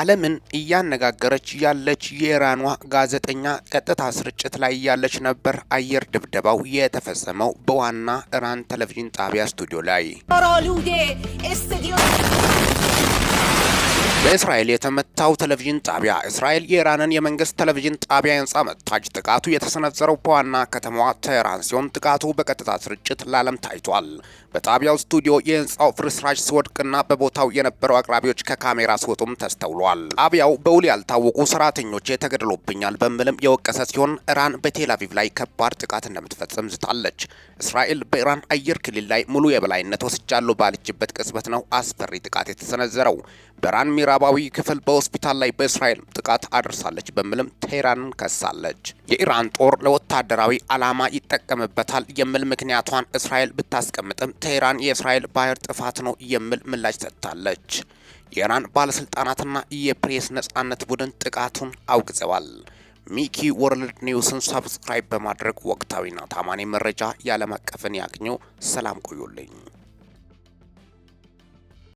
ዓለምን እያነጋገረች ያለች የኢራኗ ጋዜጠኛ ቀጥታ ስርጭት ላይ ያለች ነበር። አየር ድብደባው የተፈጸመው በዋና ኢራን ቴሌቪዥን ጣቢያ ስቱዲዮ ላይ በእስራኤል የተመታው ቴሌቪዥን ጣቢያ እስራኤል የኢራንን የመንግስት ቴሌቪዥን ጣቢያ ህንፃ መታች። ጥቃቱ የተሰነዘረው በዋና ከተማዋ ቴህራን ሲሆን ጥቃቱ በቀጥታ ስርጭት ለዓለም ታይቷል። በጣቢያው ስቱዲዮ የህንፃው ፍርስራሽ ሲወድቅና በቦታው የነበረው አቅራቢዎች ከካሜራ ሲወጡም ተስተውሏል። ጣቢያው በውል ያልታወቁ ሰራተኞች ተገድሎብኛል በሚልም የወቀሰ ሲሆን ኢራን በቴላቪቭ ላይ ከባድ ጥቃት እንደምትፈጽም ዝታለች። እስራኤል በኢራን አየር ክልል ላይ ሙሉ የበላይነት ወስጃለሁ ባለችበት ቅጽበት ነው አስፈሪ ጥቃት የተሰነዘረው። በራን ምዕራባዊ ክፍል በሆስፒታል ላይ በእስራኤል ጥቃት አድርሳለች በሚልም ቴህራንን ከሳለች። የኢራን ጦር ለወታደራዊ ዓላማ ይጠቀምበታል የሚል ምክንያቷን እስራኤል ብታስቀምጥም ቴህራን የእስራኤል ባህር ጥፋት ነው የሚል ምላሽ ሰጥታለች። የኢራን ባለስልጣናትና የፕሬስ ነጻነት ቡድን ጥቃቱን አውግዘዋል። ሚኪ ወርልድ ኒውስን ሰብስክራይብ በማድረግ ወቅታዊና ታማኒ መረጃ ያለም አቀፍን ያግኘው። ሰላም ቆዩልኝ።